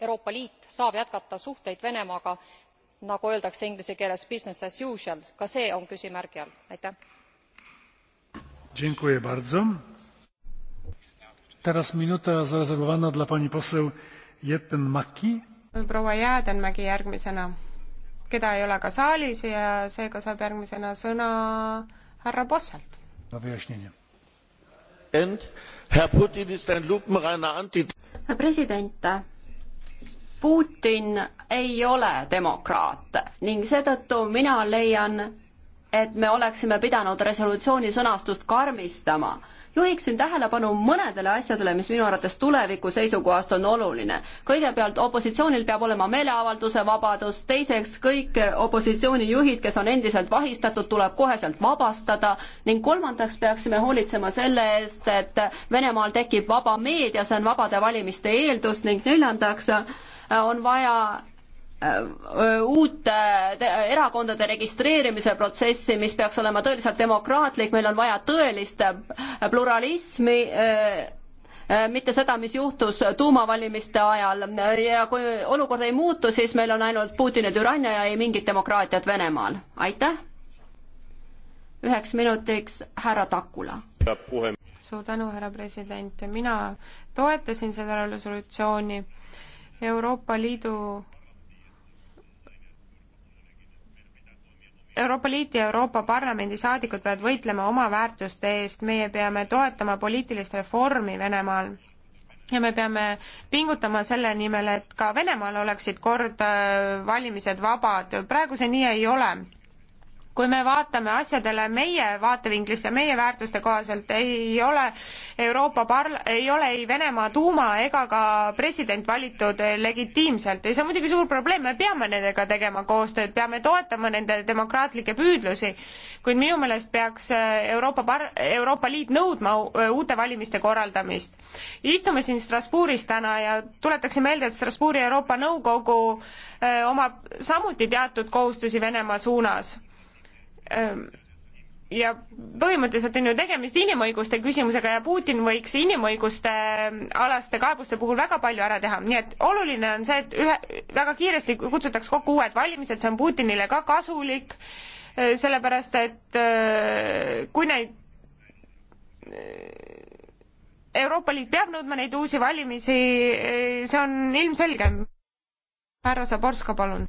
euroopa liit saab jätkata suhteid venemaaga nagu öeldakse inglise keeles business as usual ka see on küsimärgi all. proua jäädenmägi järgmisena keda ei ole ka saalis ja seega saab järgmisena sõna härra Posselt. president Putin ei ole demokraat ning seetõttu mina leian, et me oleksime pidanud resolutsiooni sõnastust karmistama. juhiksin tähelepanu mõnedele asjadele, mis minu arvates tuleviku seisukohast on oluline. kõigepealt opositsioonil peab olema meeleavalduse vabadus, teiseks kõik opositsioonijuhid, kes on endiselt vahistatud, tuleb koheselt vabastada ning kolmandaks peaksime hoolitsema selle eest, et Venemaal tekib vaba meedia, see on vabade valimiste eeldus ning neljandaks on vaja Äh, uut erakondade registreerimise protsessi, mis peaks olema tõeliselt demokraatlik, meil on vaja tõelist äh, pluralismi, äh, mitte seda, mis juhtus tuumavalimiste ajal ja kui olukord ei muutu, siis meil on ainult Putini türannia ja ei mingit demokraatiat Venemaal. aitäh! üheks minutiks härra Takula. suur tänu, härra president, mina toetasin seda resolutsiooni Euroopa Liidu Euroopa Liit ja Euroopa Parlamendi saadikud peavad võitlema oma väärtuste eest, meie peame toetama poliitilist reformi Venemaal ja me peame pingutama selle nimel, et ka Venemaal oleksid kord äh, valimised vabad, praegu see nii ei ole kui me vaatame asjadele meie vaatevinklist ja meie väärtuste kohaselt, ei ole Euroopa par-, ei ole ei Venemaa tuuma ega ka president valitud legitiimselt ja see on muidugi suur probleem, me peame nendega tegema koostööd, peame toetama nende demokraatlikke püüdlusi, kuid minu meelest peaks Euroopa par-, Euroopa Liit nõudma uute valimiste korraldamist. istume siin Strasbourgis täna ja tuletaksin meelde, et Strasbourgi Euroopa Nõukogu eh, omab samuti teatud kohustusi Venemaa suunas Ehm, ja põhimõtteliselt on ju tegemist inimõiguste küsimusega ja Putin võiks inimõiguste ehm, alaste kaebuste puhul väga palju ära teha, nii et oluline on see, et ühe, väga kiiresti kutsutakse kokku uued valimised, see on Putinile ka kasulik, ehm, sellepärast et kui neid Euroopa Liit peab nõudma neid uusi valimisi, see on ilmselge. härra Zaborska, palun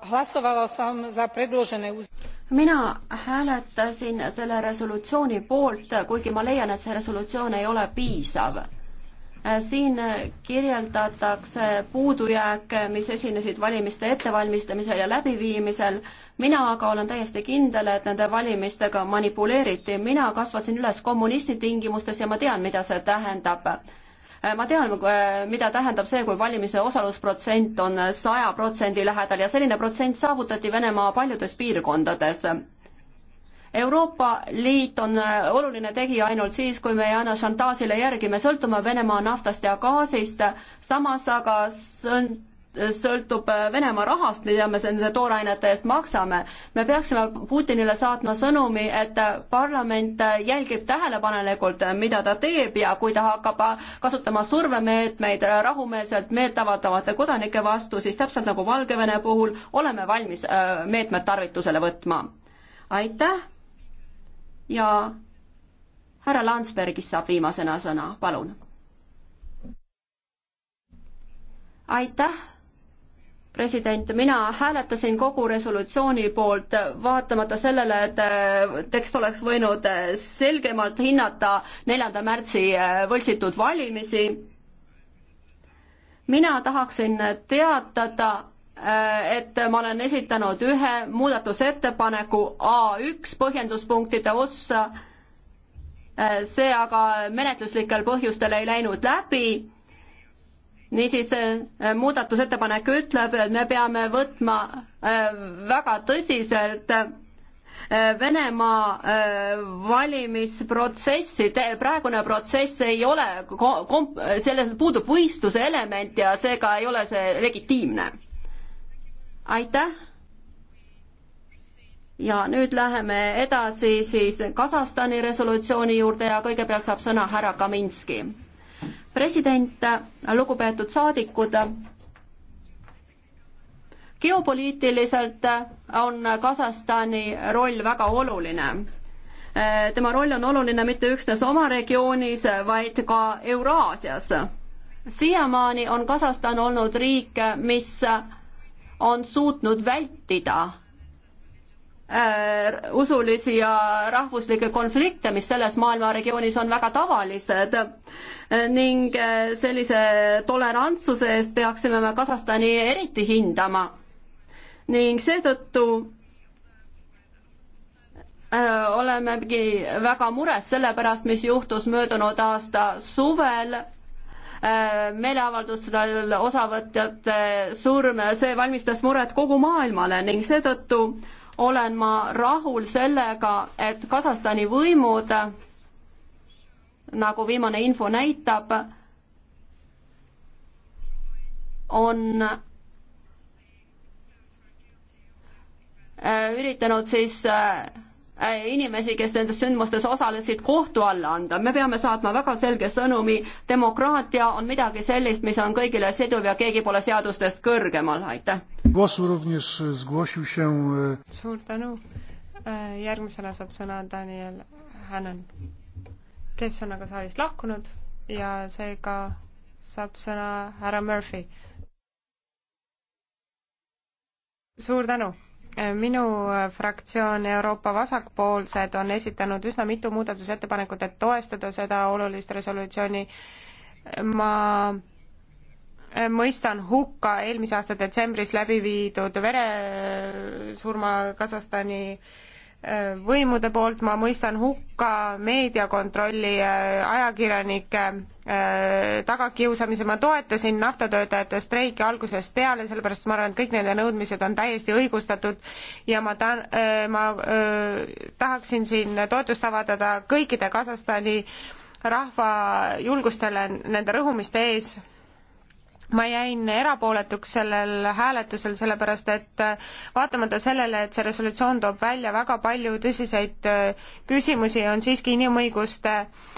hlasovala som za predložené mina hääletasin selle resolutsiooni poolt, kuigi ma leian, et see resolutsioon ei ole piisav. siin kirjeldatakse puudujääke, mis esinesid valimiste ettevalmistamisel ja läbiviimisel. mina aga olen täiesti kindel, et nende valimistega manipuleeriti. mina kasvasin üles kommunisti tingimustes ja ma tean, mida see tähendab Äh, ma tean, äh, mida tähendab see, kui valimise osalusprotsent on saja protsendi lähedal ja selline protsent saavutati Venemaa paljudes piirkondades. Euroopa Liit on äh, oluline tegija ainult siis, kui me ei anna šantaažile järgi, me sõltume Venemaa naftast ja gaasist, samas aga sõlt-, sõltub äh, Venemaa rahast, mida me nende toorainete eest maksame. me peaksime Putinile saatma sõnumi, et äh, parlament äh, jälgib tähelepanelikult, mida ta teeb ja kui ta hakkab kasutama survemeetmeid rahumeelselt meelt avaldavate kodanike vastu, siis täpselt nagu Valgevene puhul oleme valmis meetmed tarvitusele võtma. aitäh ja härra Landsbergist saab viimasena sõna, palun aitäh president, mina hääletasin kogu resolutsiooni poolt, vaatamata sellele, et äh, tekst oleks võinud äh, selgemalt hinnata neljanda märtsi äh, võltsitud valimisi. mina tahaksin teatada, et ma olen esitanud ühe muudatusettepaneku A1 põhjenduspunktide ossa, see aga menetluslikel põhjustel ei läinud läbi niisiis äh, muudatusettepanek ütleb, et me peame võtma äh, väga tõsiselt äh, Venemaa valimisprotsessi, praegune protsess ei ole, sellel puudub võistluse element ja seega ei ole see legitiimne. aitäh. ja nüüd läheme edasi siis Kasahstani resolutsiooni juurde ja kõigepealt saab sõna härra Kaminski president, lugupeetud saadikud, geopoliitiliselt on Kasahstani roll väga oluline. tema roll on oluline mitte üksnes oma regioonis, vaid ka Euraasias. siiamaani on Kasahstan olnud riik, mis on suutnud vältida Äh, usulisi ja rahvuslikke konflikte, mis selles maailma regioonis on väga tavalised. Äh, ning äh, sellise tolerantsuse eest peaksime me Kasahstani eriti hindama. ning seetõttu olemegi väga mures selle pärast, mis juhtus möödunud aasta suvel meeleavaldustel osavõtjate surm, see valmistas muret kogu maailmale ning seetõttu olen ma rahul sellega, et Kasahstani võimud, nagu viimane info näitab, on äh, üritanud siis äh, Äh, inimesi, kes nendes sündmustes osalesid, kohtu alla anda. me peame saatma väga selge sõnumi, demokraatia on midagi sellist, mis on kõigile siduv ja keegi pole seadustest kõrgemal, aitäh. E, suur tänu. E, järgmisena saab sõna Daniel Hannan, kes on aga saalist lahkunud ja seega saab sõna härra Murphy. suur tänu minu fraktsioon Euroopa Vasakpoolsed on esitanud üsna mitu muudatusettepanekut, et toestada seda olulist resolutsiooni. ma mõistan hukka eelmise aasta detsembris läbi viidud veresurma Kasahstani äh, võimude poolt, ma mõistan hukka meediakontrolli äh, ajakirjanike Äh, tagakiusamise, ma toetasin naftatöötajate streiki algusest peale, sellepärast ma arvan, et kõik nende nõudmised on täiesti õigustatud ja ma ta-, äh, ma öö, äh, tahaksin siin toetust avaldada kõikide Kasahstani rahva julgustele nende rõhumiste ees ma jäin erapooletuks sellel hääletusel, sellepärast et vaatamata sellele, et see resolutsioon toob välja väga palju tõsiseid küsimusi, on siiski inimõiguste äh,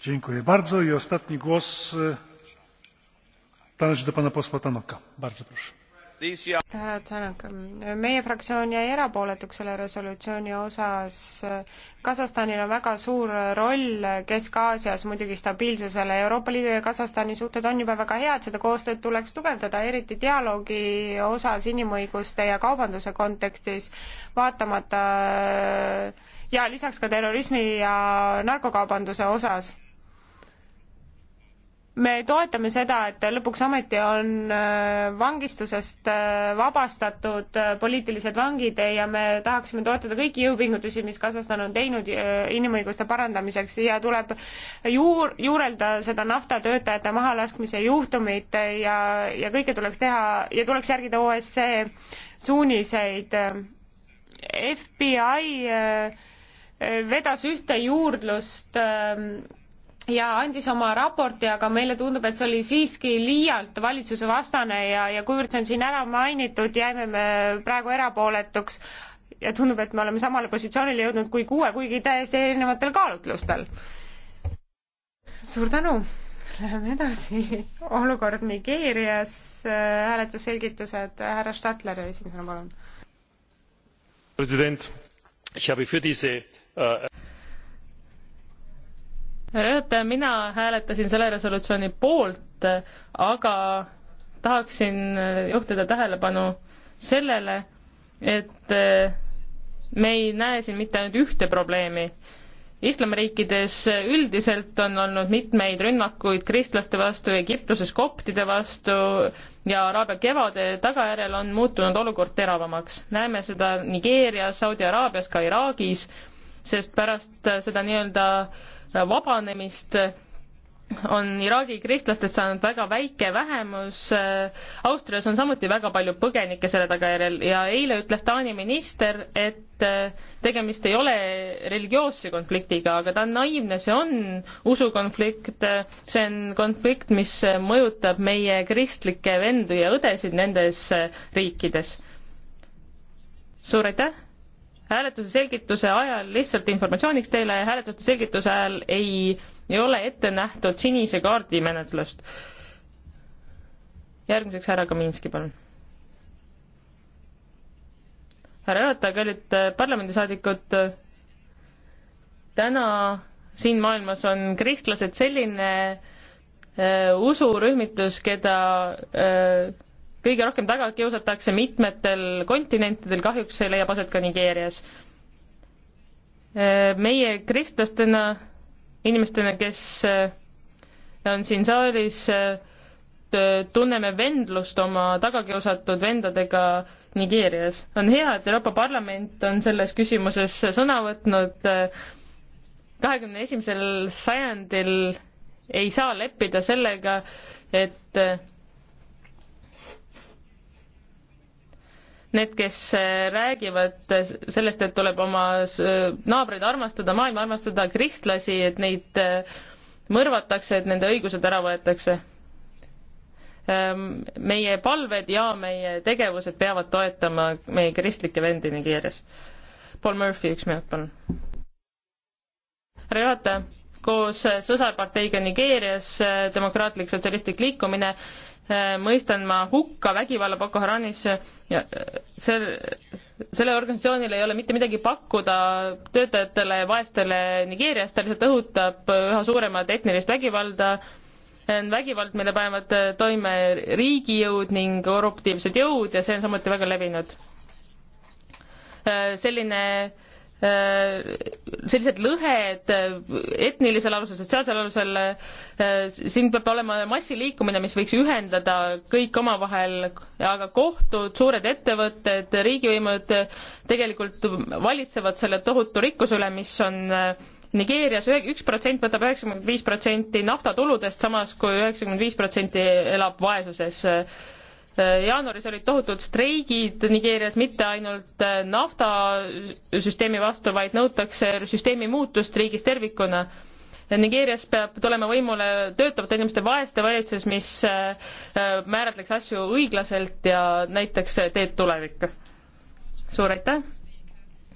Dziękuję bardzo. I ostatni głos należy e, do pana posła Tanoka. Bardzo proszę. härra Tšanak, meie fraktsioon jäi erapooletuks selle resolutsiooni osas. Kasahstanil on väga suur roll Kesk-Aasias muidugi stabiilsusele. Euroopa Liidu ja Kasahstani suhted on juba väga head, seda koostööd tuleks tugevdada, eriti dialoogi osas inimõiguste ja kaubanduse kontekstis, vaatamata ja lisaks ka terrorismi ja narkokaubanduse osas me toetame seda, et lõpuks ometi on äh, vangistusest äh, vabastatud äh, poliitilised vangid ja me tahaksime toetada kõiki jõupingutusi, mis Kasahstan on teinud inimõiguste parandamiseks ja tuleb juur, juurelda seda naftatöötajate mahalaskmise juhtumit ja, ja kõike tuleks teha ja tuleks järgida OSCE suuniseid. FBI vedas ühte juurdlust ähm, ja andis oma raporti, aga meile tundub, et see oli siiski liialt valitsuse vastane ja, ja kuivõrd see on siin ära mainitud, jäime me praegu erapooletuks ja tundub, et me oleme samale positsioonile jõudnud kui kuue, kuigi täiesti erinevatel kaalutlustel. suur tänu! Läheme edasi. olukord Nigeerias, äh, hääletusselgitused, härra Stadler esimesena, palun. president, ich habe für diese äh... Uh härra juhataja, mina hääletasin selle resolutsiooni poolt, aga tahaksin äh, juhtida tähelepanu sellele, et äh, me ei näe siin mitte ainult ühte probleemi. islamiriikides üldiselt on olnud mitmeid rünnakuid kristlaste vastu, Egiptuses koptide vastu ja Araabia kevade tagajärjel on muutunud olukord teravamaks. näeme seda Nigeerias, Saudi Araabias, ka Iraagis sest pärast äh, seda nii-öelda äh, vabanemist äh, on Iraagi kristlastest saanud väga väike vähemus, Austrias on samuti väga palju põgenikke selle tagajärjel ja eile ütles Taani minister, et tegemist ei ole religioosse konfliktiga, aga ta on naiivne, see on usukonflikt, see on konflikt, mis mõjutab meie kristlikke vendu ja õdesid nendes riikides. suur aitäh! hääletuse selgituse ajal, lihtsalt informatsiooniks teile, hääletuse selgituse ajal ei, ei ole ette nähtud sinise kaardi menetlust. järgmiseks härra Kaminski, palun. härra juhataja, kallid äh, parlamendisaadikud, äh, täna siin maailmas on kristlased selline äh, usurühmitus, keda äh, kõige rohkem taga kiusatakse mitmetel kontinentidel, kahjuks see leiab aset ka Nigeerias. Äh, meie kristlastena, inimestena, kes äh, on siin saalis, äh, tunneme vendlust oma tagakiusatud vendadega Nigeerias. on hea, et Euroopa Parlament on selles küsimuses sõna võtnud. kahekümne esimesel sajandil ei saa leppida sellega, et Need, kes äh, räägivad äh, sellest, et tuleb oma äh, naabreid armastada, maailma armastada, kristlasi, et neid mõrvatakse, et nende õigused ära võetakse. Ähm, meie palved ja meie tegevused peavad toetama meie kristlikke vendi Nigeerias. Paul Murphy, üks minut, palun. härra juhataja koos sõsarparteiga Nigeerias, Demokraatlik Sotsialistlik Liikumine, Äh, mõistan ma hukka vägivalla Boko Haramis ja äh, sel, sellel organisatsioonil ei ole mitte midagi pakkuda töötajatele ja vaestele Nigeerias, ta lihtsalt õhutab äh, üha suuremat etnilist vägivalda, vägivald, mille panevad toime riigijõud ning korruptiivsed jõud ja see on samuti väga levinud. selline Äh, sellised lõhed äh, etnilisel alusel, sotsiaalsel alusel, äh, siin peab olema massiliikumine, mis võiks ühendada kõik omavahel, aga kohtud, suured ettevõtted, riigivõimud tegelikult valitsevad selle tohutu rikkuse üle, mis on Nigeerias ühe, üks protsent võtab üheksakümmend viis protsenti naftatuludest, samas kui üheksakümmend viis protsenti elab vaesuses jaanuaris olid tohutud streigid Nigeerias mitte ainult äh, naftasüsteemi vastu, vaid nõutakse süsteemi muutust riigis tervikuna. Nigeerias peab tulema võimule töötavate inimeste vaeste valitsus, mis äh, äh, määratleks asju õiglaselt ja näitaks teed tulevikku. suur aitäh!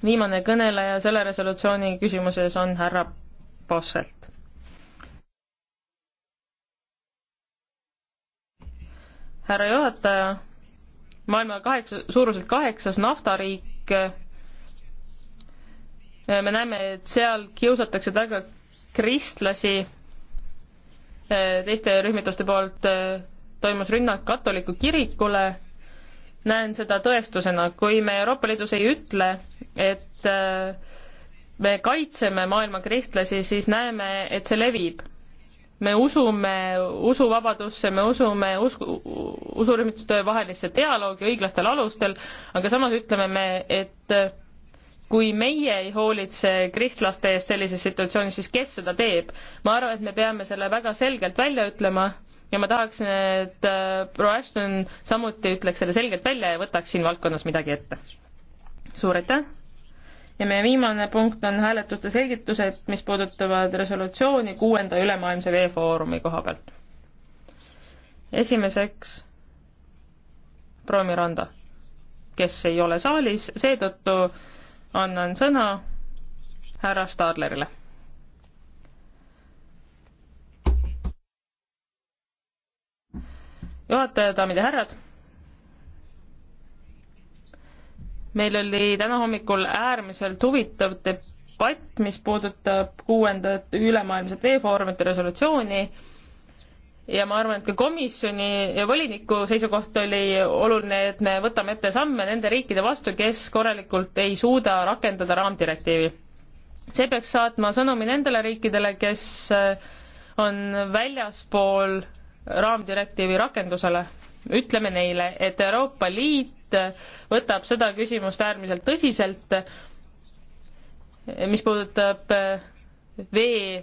viimane kõneleja selle resolutsiooni küsimuses on härra Posselt. härra juhataja, maailma kaheksa, suuruselt kaheksas naftariik, me näeme, et seal kiusatakse taga kristlasi teiste rühmituste poolt, toimus rünnak katoliku kirikule, näen seda tõestusena, kui me Euroopa Liidus ei ütle, et me kaitseme maailma kristlasi, siis näeme, et see levib me usume usuvabadusse, me usume usku, usurühmituste vahelisse dialoogi õiglastel alustel, aga samas ütleme me, et kui meie ei hoolitse kristlaste eest sellises situatsioonis, siis kes seda teeb? ma arvan, et me peame selle väga selgelt välja ütlema ja ma tahaksin, et äh, proua Ashton samuti ütleks selle selgelt välja ja võtaks siin valdkonnas midagi ette. suur aitäh! ja meie viimane punkt on hääletuste selgitused, mis puudutavad resolutsiooni kuuenda ülemaailmse veefoorumi koha pealt. esimeseks proua Miranda, kes ei ole saalis, seetõttu annan sõna härra Stadlerile juhataja, daamid ja härrad meil oli täna hommikul äärmiselt huvitav debatt, mis puudutab kuuendat ülemaailmset veefoorumite resolutsiooni ja ma arvan, et ka komisjoni ja voliniku seisukoht oli oluline, et me võtame ette samme nende riikide vastu, kes korralikult ei suuda rakendada raamdirektiivi. see peaks saatma sõnumi nendele riikidele, kes äh, on väljaspool raamdirektiivi rakendusele. ütleme neile, et Euroopa Liit Liit võtab seda küsimust äärmiselt tõsiselt, mis puudutab vee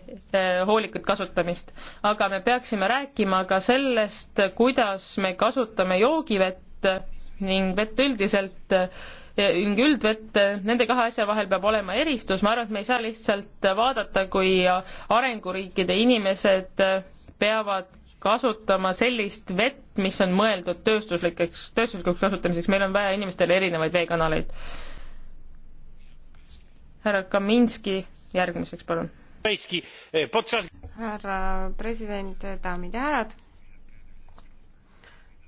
hoolikut kasutamist. aga me peaksime rääkima ka sellest, kuidas me kasutame joogivett ning vett üldiselt ning üldvett, nende kahe asja vahel peab olema eristus, ma arvan, et me ei saa lihtsalt vaadata, kui arenguriikide inimesed peavad kasutama sellist vett, mis on mõeldud tööstuslikeks, tööstuslikuks kasutamiseks, meil on vaja inimestele erinevaid veekanaleid. härra Kaminski järgmiseks, palun. Eh, härra president, daamid ja härrad,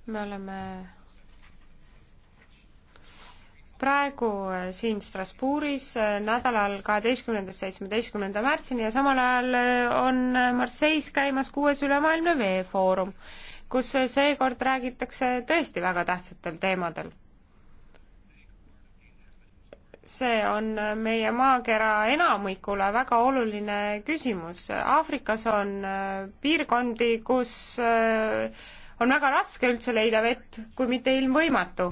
me oleme praegu äh, siin Strasbourgis äh, nädalal kaheteistkümnendast seitsmeteistkümnenda märtsini ja samal ajal äh, on Marseille's käimas kuues ülemaailmne veefoorum, kus seekord räägitakse tõesti väga tähtsatel teemadel. see on meie maakera enamikule väga oluline küsimus. Aafrikas on piirkondi, kus on väga raske üldse leida vett, kui mitte ilmvõimatu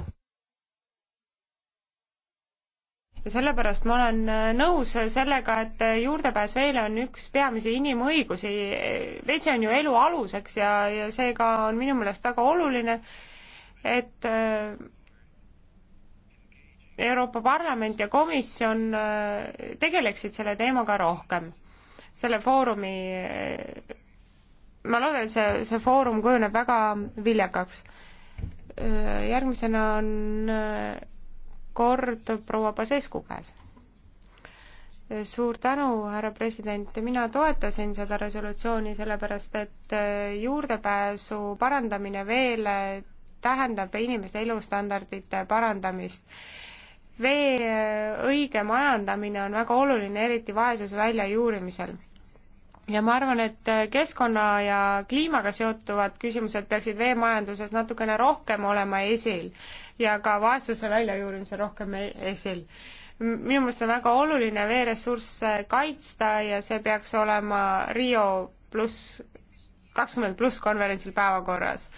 ja sellepärast ma olen äh, nõus sellega, et äh, juurdepääs veele on üks peamisi inimõigusi. vesi on ju elu aluseks ja, ja seega on minu meelest väga oluline, et äh, Euroopa Parlament ja Komisjon tegeleksid selle teemaga rohkem. selle foorumi, ma loodan, et see, see foorum kujuneb väga viljakaks. järgmisena on kord proua Pasescu käes. suur tänu, härra president, mina toetasin seda resolutsiooni sellepärast, et eh, juurdepääsu parandamine veele eh, tähendab inimeste elustandardite parandamist. vee eh, õige majandamine on väga oluline, eriti vaesuse väljajuurimisel ja ma arvan, et äh, keskkonna ja kliimaga seotuvad küsimused peaksid veemajanduses natukene rohkem olema esil ja ka vaesuse väljajuurimisel rohkem e-, esil. minu meelest on väga oluline veeressursse kaitsta ja see peaks olema Rio pluss, kakskümmend pluss konverentsil päevakorras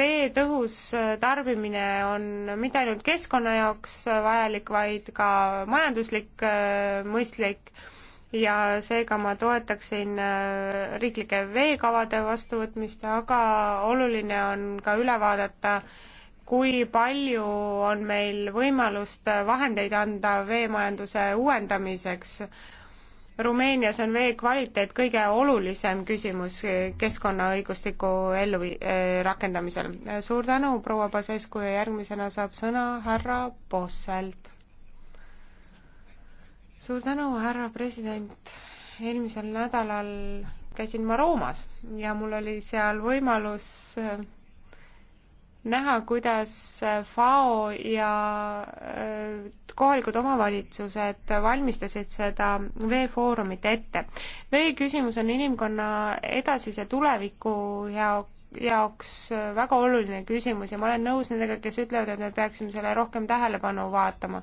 vee tõhus äh, tarbimine on mitte ainult keskkonna jaoks vajalik, vaid ka majanduslik, äh, mõistlik ja seega ma toetaksin äh, riiklike veekavade vastuvõtmist, aga oluline on ka üle vaadata, kui palju on meil võimalust vahendeid anda veemajanduse uuendamiseks. Rumeenias on vee kvaliteet kõige olulisem küsimus keskkonnaõigustiku ellu äh, rakendamisel. suur tänu, proua Pasescu ja järgmisena saab sõna härra Posselt suur tänu, härra president. eelmisel nädalal käisin ma Roomas ja mul oli seal võimalus äh, näha, kuidas äh, FAO ja äh, kohalikud omavalitsused valmistasid seda veefoorumit ette. vee küsimus on inimkonna edasise tuleviku jaoks jaoks väga oluline küsimus ja ma olen nõus nendega, kes ütlevad, et me peaksime selle rohkem tähelepanu vaatama.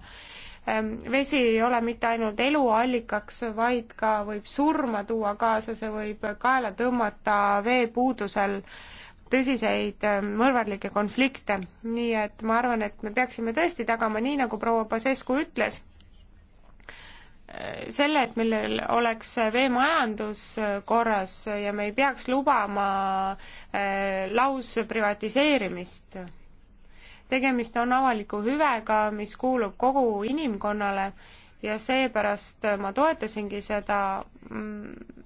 Ehm, vesi ei ole mitte ainult eluallikaks, vaid ka võib surma tuua kaasa, see võib kaela tõmmata veepuudusel tõsiseid ehm, mõrvarlikke konflikte. nii et ma arvan, et me peaksime tõesti tagama, nii nagu proua Pasescu ütles, ehm, selle, et meil oleks veemajandus korras ja me ei peaks lubama lausprivatiseerimist tegemist on avaliku hüvega, mis kuulub kogu inimkonnale ja seepärast ma toetasingi seda mm,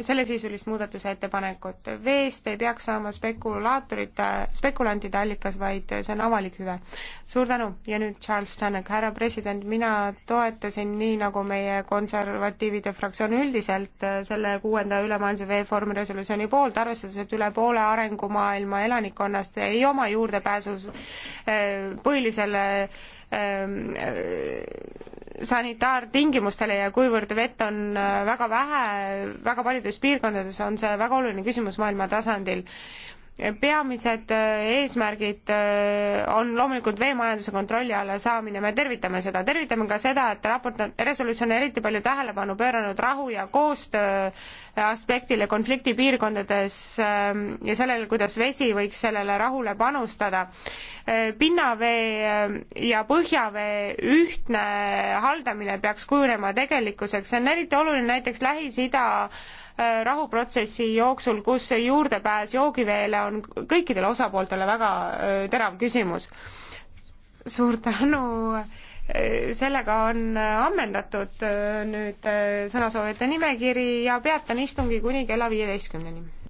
sellesisulist muudatusettepanekut. veest ei peaks saama spekulaatorite, spekulantide allikas, vaid see on avalik hüve. suur tänu ja nüüd Charles Tannock, härra president, mina toetasin nii, nagu meie konservatiivide fraktsioon üldiselt äh, selle kuuenda ülemaailmse veefoorumi resolutsiooni poolt, arvestades, et üle poole arengumaailma elanikkonnast ei oma juurdepääsu äh, põhilisele Ähm, äh, sanitaartingimustele ja kuivõrd vett on äh, väga vähe, väga paljudes piirkondades on see väga oluline küsimus maailma tasandil peamised äh, eesmärgid äh, on loomulikult veemajanduse kontrolli alla saamine, me tervitame seda, tervitame ka seda, et raport on, resolutsioon on eriti palju tähelepanu pööranud rahu ja koostöö äh, aspektile konfliktipiirkondades ähm, ja sellele, kuidas vesi võiks sellele rahule panustada. pinnavee ja põhjavee ühtne haldamine peaks kujunema tegelikkuseks, see on eriti oluline näiteks Lähis-Ida Äh, rahuprotsessi jooksul, kus juurdepääs joogiveele on kõikidele osapooltele väga äh, terav küsimus. suur tänu, äh, sellega on ammendatud nüüd sõnasoovijate nimekiri ja peatan istungi kuni kella viieteistkümneni